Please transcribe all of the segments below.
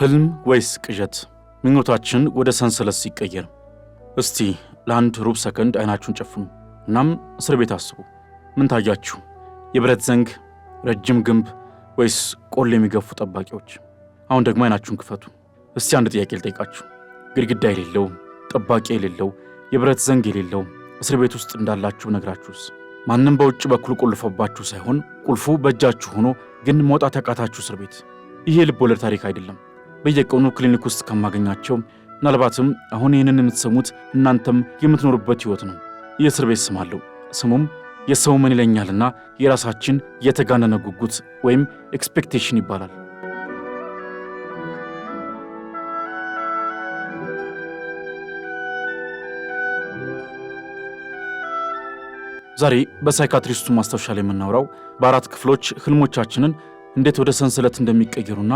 ህልም ወይስ ቅዠት? ምኞታችን ወደ ሰንሰለት ሲቀየር። እስቲ ለአንድ ሩብ ሰከንድ አይናችሁን ጨፍኑ። እናም እስር ቤት አስቡ። ምን ታያችሁ? የብረት ዘንግ፣ ረጅም ግንብ ወይስ ቆሎ የሚገፉ ጠባቂዎች? አሁን ደግሞ አይናችሁን ክፈቱ። እስቲ አንድ ጥያቄ ልጠይቃችሁ። ግድግዳ የሌለው፣ ጠባቂ የሌለው፣ የብረት ዘንግ የሌለው እስር ቤት ውስጥ እንዳላችሁ ነግራችሁስ ማንም በውጭ በኩል ቆልፎባችሁ ሳይሆን ቁልፉ በእጃችሁ ሆኖ ግን መውጣት ያቃታችሁ እስር ቤት። ይሄ ልብ ወለድ ታሪክ አይደለም። በየቀኑ ክሊኒክ ውስጥ ከማገኛቸው ምናልባትም አሁን ይህንን የምትሰሙት እናንተም የምትኖሩበት ህይወት ነው። የእስር ቤት ስም አለው። ስሙም የሰው ምን ይለኛልና የራሳችን የተጋነነ ጉጉት ወይም ኤክስፔክቴሽን ይባላል። ዛሬ በሳይካትሪስቱ ማስታወሻ ላይ የምናወራው በአራት ክፍሎች ህልሞቻችንን እንዴት ወደ ሰንሰለት እንደሚቀየሩና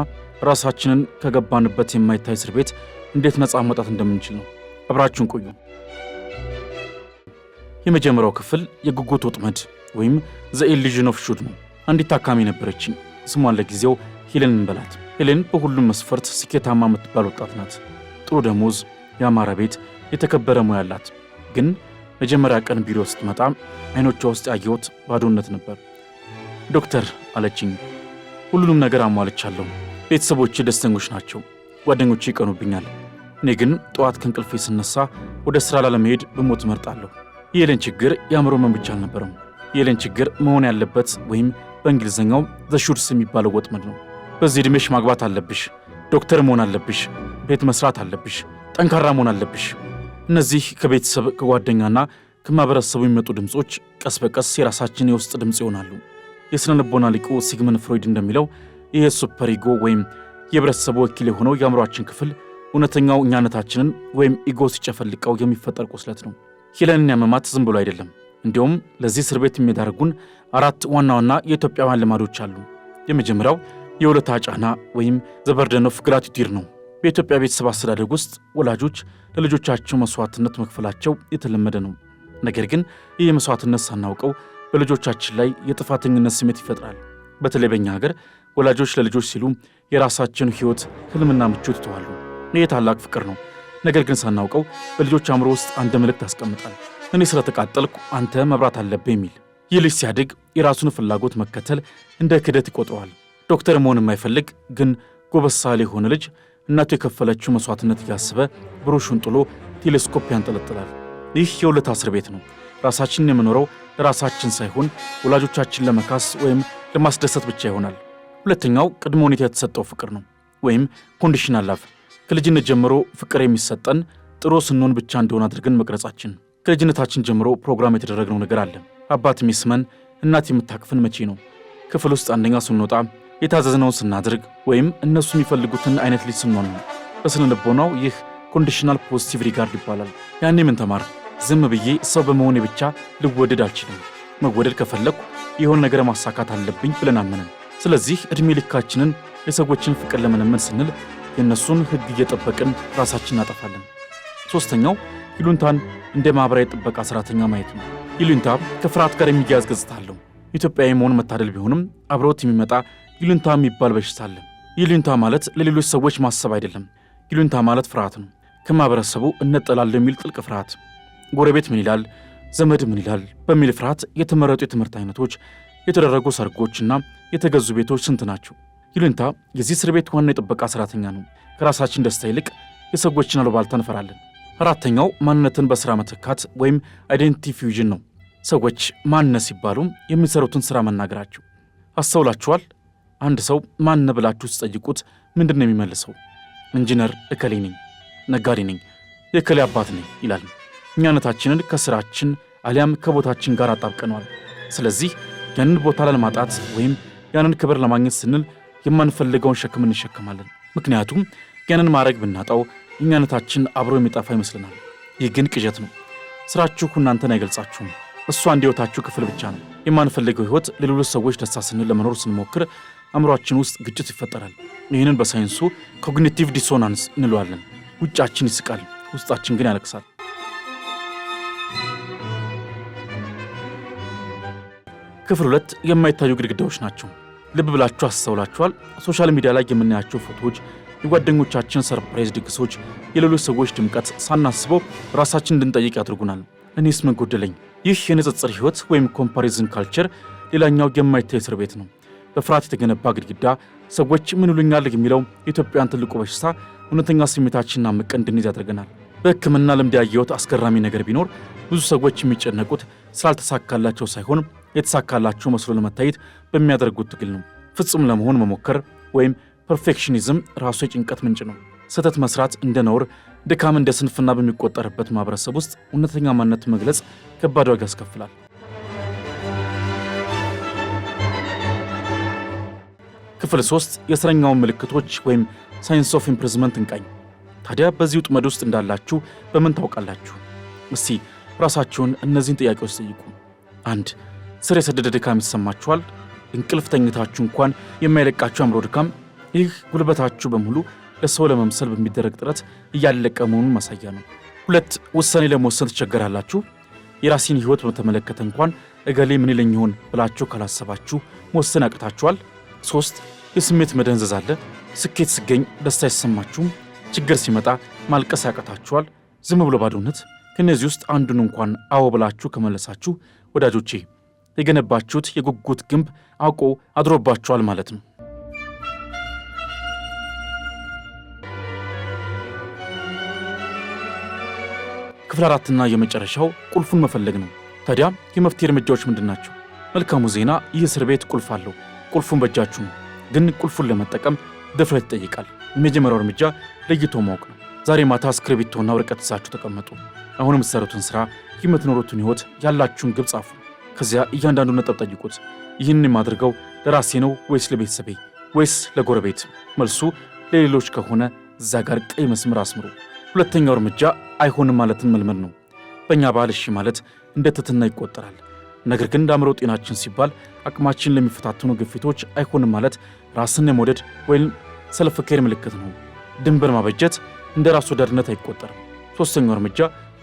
ራሳችንን ከገባንበት የማይታይ እስር ቤት እንዴት ነፃ መውጣት እንደምንችል ነው። አብራችሁን ቆዩ። የመጀመሪያው ክፍል የጉጉት ወጥመድ ወይም ዘ ኢሉዥን ኦፍ ሹድ ነው። አንዲት ታካሚ ነበረችኝ። ስሟን ለጊዜው ሄሌን እንበላት። ሄሌን በሁሉም መስፈርት ስኬታማ የምትባል ወጣት ናት። ጥሩ ደሞዝ፣ የአማረ ቤት፣ የተከበረ ሙያ አላት። ግን መጀመሪያ ቀን ቢሮ ስትመጣ አይኖቿ ውስጥ ያየሁት ባዶነት ነበር። ዶክተር አለችኝ፣ ሁሉንም ነገር አሟልቻለሁ ቤተሰቦቼ ደስተኞች ናቸው፣ ጓደኞቼ ይቀኑብኛል። እኔ ግን ጠዋት ከእንቅልፌ ስነሳ ወደ ሥራ ላለመሄድ ብሞት እመርጣለሁ። የኤለን ችግር የአእምሮ መን ብቻ አልነበረም። የሄለን ችግር መሆን ያለበት ወይም በእንግሊዝኛው ዘሹድስ የሚባለው ወጥመድ ነው። በዚህ ዕድሜሽ ማግባት አለብሽ፣ ዶክተር መሆን አለብሽ፣ ቤት መስራት አለብሽ፣ ጠንካራ መሆን አለብሽ። እነዚህ ከቤተሰብ ከጓደኛና ከማኅበረሰቡ የሚመጡ ድምፆች ቀስ በቀስ የራሳችን የውስጥ ድምፅ ይሆናሉ። የሥነ ልቦና ሊቁ ሲግመን ፍሮይድ እንደሚለው ይህ ሱፐር ኢጎ ወይም የህብረተሰቡ ወኪል የሆነው የአእምሯችን ክፍል እውነተኛው እኛነታችንን ወይም ኢጎ ሲጨፈልቀው የሚፈጠር ቁስለት ነው። ሄለንን ያመማት ዝም ብሎ አይደለም። እንዲሁም ለዚህ እስር ቤት የሚዳርጉን አራት ዋና ዋና የኢትዮጵያውያን ልማዶች አሉ። የመጀመሪያው የውለታ ጫና ወይም ዘበርደኖፍ ኦፍ ነው። በኢትዮጵያ ቤተሰብ አስተዳደግ ውስጥ ወላጆች ለልጆቻቸው መስዋዕትነት መክፈላቸው የተለመደ ነው። ነገር ግን ይህ የመስዋዕትነት ሳናውቀው በልጆቻችን ላይ የጥፋተኝነት ስሜት ይፈጥራል። በተለይ በእኛ ሀገር ወላጆች ለልጆች ሲሉ የራሳችን ሕይወት ህልምና ምቾት ይተዋሉ። ይህ ታላቅ ፍቅር ነው። ነገር ግን ሳናውቀው በልጆች አእምሮ ውስጥ አንድ መልእክት ያስቀምጣል። እኔ ስለተቃጠልኩ አንተ መብራት አለብህ የሚል። ይህ ልጅ ሲያድግ የራሱን ፍላጎት መከተል እንደ ክደት ይቆጥረዋል። ዶክተር መሆን የማይፈልግ ግን ጎበዝ የሆነ ልጅ እናቱ የከፈለችው መሥዋዕትነት እያሰበ ብሩሹን ጥሎ ቴሌስኮፕ ያንጠለጥላል። ይህ የውለታ እስር ቤት ነው። ራሳችንን የምኖረው ለራሳችን ሳይሆን ወላጆቻችን ለመካስ ወይም ለማስደሰት ብቻ ይሆናል። ሁለተኛው ቅድመ ሁኔታ የተሰጠው ፍቅር ነው ወይም ኮንዲሽናል ላቭ። ከልጅነት ጀምሮ ፍቅር የሚሰጠን ጥሩ ስንሆን ብቻ እንደሆነ አድርገን መቅረጻችን። ከልጅነታችን ጀምሮ ፕሮግራም የተደረግነው ነገር አለ። አባት የሚስመን እናት የምታክፍን መቼ ነው? ክፍል ውስጥ አንደኛ ስንወጣ፣ የታዘዝነውን ስናድርግ፣ ወይም እነሱ የሚፈልጉትን አይነት ልጅ ስንሆን ነው። በስነ ልቦናው ይህ ኮንዲሽናል ፖዚቲቭ ሪጋርድ ይባላል። ያኔ ምን ተማር? ዝም ብዬ ሰው በመሆኔ ብቻ ልወደድ አልችልም፣ መወደድ ከፈለግኩ የሆነ ነገር ማሳካት አለብኝ ብለን አመንን። ስለዚህ ዕድሜ ልካችንን የሰዎችን ፍቅር ለመለመን ስንል የእነሱን ሕግ እየጠበቅን ራሳችን እናጠፋለን። ሦስተኛው ይሉንታን እንደ ማኅበራዊ ጥበቃ ሠራተኛ ማየት ነው። ይሉንታ ከፍርሃት ጋር የሚያያዝ ገጽታ አለው። ኢትዮጵያዊ መሆን መታደል ቢሆንም አብረውት የሚመጣ ይሉንታ የሚባል በሽታ አለ። ይሉንታ ማለት ለሌሎች ሰዎች ማሰብ አይደለም። ይሉንታ ማለት ፍርሃት ነው። ከማኅበረሰቡ እነጠላለሁ የሚል ጥልቅ ፍርሃት፣ ጎረቤት ምን ይላል፣ ዘመድ ምን ይላል በሚል ፍርሃት የተመረጡ የትምህርት አይነቶች የተደረጉ ሰርጎችና የተገዙ ቤቶች ስንት ናቸው? ይሉኝታ የዚህ እስር ቤት ዋና የጥበቃ ሰራተኛ ነው። ከራሳችን ደስታ ይልቅ የሰዎችን አሉባልታ እንፈራለን። አራተኛው ማንነትን በስራ መተካት ወይም አይዴንቲቲ ፊውዥን ነው። ሰዎች ማነ ሲባሉም የሚሰሩትን ስራ መናገራቸው። አስተውላችኋል? አንድ ሰው ማነ ብላችሁ ስጠይቁት ምንድን ነው የሚመልሰው? ኢንጂነር እከሌ ነኝ፣ ነጋዴ ነኝ፣ የእከሌ አባት ነኝ ይላል። እኛነታችንን ከስራችን አሊያም ከቦታችን ጋር አጣብቀነዋል። ስለዚህ ያንን ቦታ ላለማጣት ወይም ያንን ክብር ለማግኘት ስንል የማንፈልገውን ሸክም እንሸከማለን። ምክንያቱም ያንን ማድረግ ብናጣው እኛነታችን አብሮ የሚጠፋ ይመስለናል። ይህ ግን ቅዠት ነው። ስራችሁ እናንተን አይገልጻችሁም። እሱ አንድ ሕይወታችሁ ክፍል ብቻ ነው። የማንፈልገው ሕይወት ለሌሎች ሰዎች ደስታ ስንል ለመኖር ስንሞክር አእምሯችን ውስጥ ግጭት ይፈጠራል። ይህንን በሳይንሱ ኮግኒቲቭ ዲሶናንስ እንለዋለን። ውጫችን ይስቃል፣ ውስጣችን ግን ያለቅሳል። ክፍል ሁለት የማይታዩ ግድግዳዎች ናቸው። ልብ ብላችሁ አስተውላችኋል? ሶሻል ሚዲያ ላይ የምናያቸው ፎቶዎች፣ የጓደኞቻችን ሰርፕራይዝ ድግሶች፣ የሌሎች ሰዎች ድምቀት ሳናስበው ራሳችን እንድንጠይቅ ያደርጉናል። እኔስ ምን ጎደለኝ? ይህ የንጽጽር ህይወት ወይም ኮምፓሪዝን ካልቸር ሌላኛው የማይታይ እስር ቤት ነው። በፍርሃት የተገነባ ግድግዳ፣ ሰዎች ምን ይሉኛል የሚለው የኢትዮጵያን ትልቁ በሽታ እውነተኛ ስሜታችንና አምቀን እንድንይዝ ያደርገናል። በህክምና ልምድ ያየሁት አስገራሚ ነገር ቢኖር ብዙ ሰዎች የሚጨነቁት ስላልተሳካላቸው ሳይሆን የተሳካላቸው መስሎ ለመታየት በሚያደርጉት ትግል ነው። ፍጹም ለመሆን መሞከር ወይም ፐርፌክሽኒዝም ራሱ የጭንቀት ምንጭ ነው። ስህተት መስራት እንደ ነውር፣ ድካም እንደ ስንፍና በሚቆጠርበት ማህበረሰብ ውስጥ እውነተኛ ማንነት መግለጽ ከባድ ዋጋ ያስከፍላል። ክፍል ሶስት የእስረኛውን ምልክቶች ወይም ሳይንስ ኦፍ ኢምፕሪዝመንት እንቃኝ። ታዲያ በዚህ ውጥመድ ውስጥ እንዳላችሁ በምን ታውቃላችሁ? እስቲ ራሳችሁን እነዚህን ጥያቄዎች ጠይቁ። አንድ ስር የሰደደ ድካም ይሰማችኋል። እንቅልፍ ተኝታችሁ እንኳን የማይለቃችሁ አእምሮ ድካም። ይህ ጉልበታችሁ በሙሉ ለሰው ለመምሰል በሚደረግ ጥረት እያለቀ መሆኑን ማሳያ ነው። ሁለት ውሳኔ ለመወሰን ትቸገራላችሁ። የራሴን ህይወት በተመለከተ እንኳን እገሌ ምን ይለኝ ይሆን ብላችሁ ካላሰባችሁ መወሰን አቅታችኋል። ሶስት የስሜት መደንዘዝ አለ። ስኬት ሲገኝ ደስታ አይሰማችሁም። ችግር ሲመጣ ማልቀስ ያቀታችኋል። ዝም ብሎ ባዶነት። ከእነዚህ ውስጥ አንዱን እንኳን አዎ ብላችሁ ከመለሳችሁ ወዳጆቼ የገነባችሁት የጉጉት ግንብ አውቆ አድሮባችኋል ማለት ነው። ክፍል አራትና የመጨረሻው ቁልፉን መፈለግ ነው። ታዲያ የመፍትሄ እርምጃዎች ምንድን ናቸው? መልካሙ ዜና ይህ እስር ቤት ቁልፍ አለው። ቁልፉን በእጃችሁ ነው። ግን ቁልፉን ለመጠቀም ድፍረት ይጠይቃል። የመጀመሪያው እርምጃ ለይቶ ማወቅ ነው። ዛሬ ማታ እስክሪብቶና ወረቀት ይዛችሁ ተቀመጡ። አሁን የምትሰሩትን ስራ የምትኖሩትን ህይወት፣ ያላችሁን ግብ ጻፉ። ከዚያ እያንዳንዱ ነጥብ ጠይቁት። ይህን የማድርገው ለራሴ ነው ወይስ ለቤተሰቤ ወይስ ለጎረቤት? መልሱ ለሌሎች ከሆነ እዛ ጋር ቀይ መስመር አስምሩ። ሁለተኛው እርምጃ አይሆንም ማለትን መልመድ ነው። በእኛ ባህል እሺ ማለት እንደ ትህትና ይቆጠራል። ነገር ግን ለአእምሮ ጤናችን ሲባል አቅማችን ለሚፈታተኑ ግፊቶች አይሆንም ማለት ራስን የመውደድ ወይም ሰልፍኬር ምልክት ነው። ድንበር ማበጀት እንደ ራስ ወዳድነት አይቆጠርም። ሦስተኛው እርምጃ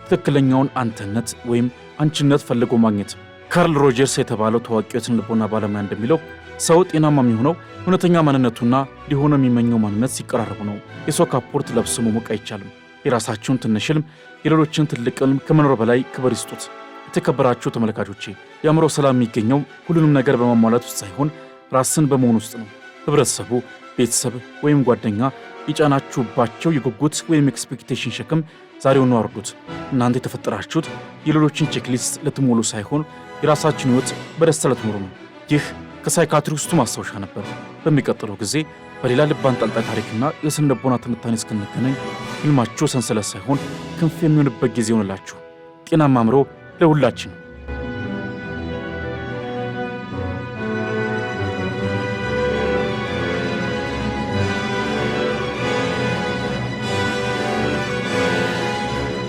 ትክክለኛውን አንተነት ወይም አንችነት ፈልጎ ማግኘት ካርል ሮጀርስ የተባለው ታዋቂው የስነ ልቦና ባለሙያ እንደሚለው ሰው ጤናማ የሚሆነው እውነተኛ ማንነቱና ሊሆነ የሚመኘው ማንነት ሲቀራረቡ ነው። የሰው ካፖርት ለብሶ መሞቅ አይቻልም። የራሳችሁን ትንሽ ህልም፣ የሌሎችን ትልቅ ህልም ከመኖር በላይ ክብር ይስጡት። የተከበራችሁ ተመልካቾቼ፣ የአእምሮ ሰላም የሚገኘው ሁሉንም ነገር በማሟላት ውስጥ ሳይሆን ራስን በመሆን ውስጥ ነው። ህብረተሰቡ፣ ቤተሰብ ወይም ጓደኛ የጫናችሁባቸው የጉጉት ወይም ኤክስፔክቴሽን ሸክም ዛሬውኑ አርዱት። እናንተ የተፈጠራችሁት የሌሎችን ቼክሊስት ልትሞሉ ሳይሆን የራሳችን ህይወት በደስታ ልትኖሩ ነው። ይህ ከሳይካትሪስቱ ማስታወሻ ነበር። በሚቀጥለው ጊዜ በሌላ ልብ አንጠልጣይ ታሪክና የስነ ልቦና ትንታኔ እስክንገናኝ ህልማችሁ ሰንሰለት ሳይሆን ክንፍ የሚሆንበት ጊዜ ይሆንላችሁ። ጤናማ አእምሮ ለሁላችን።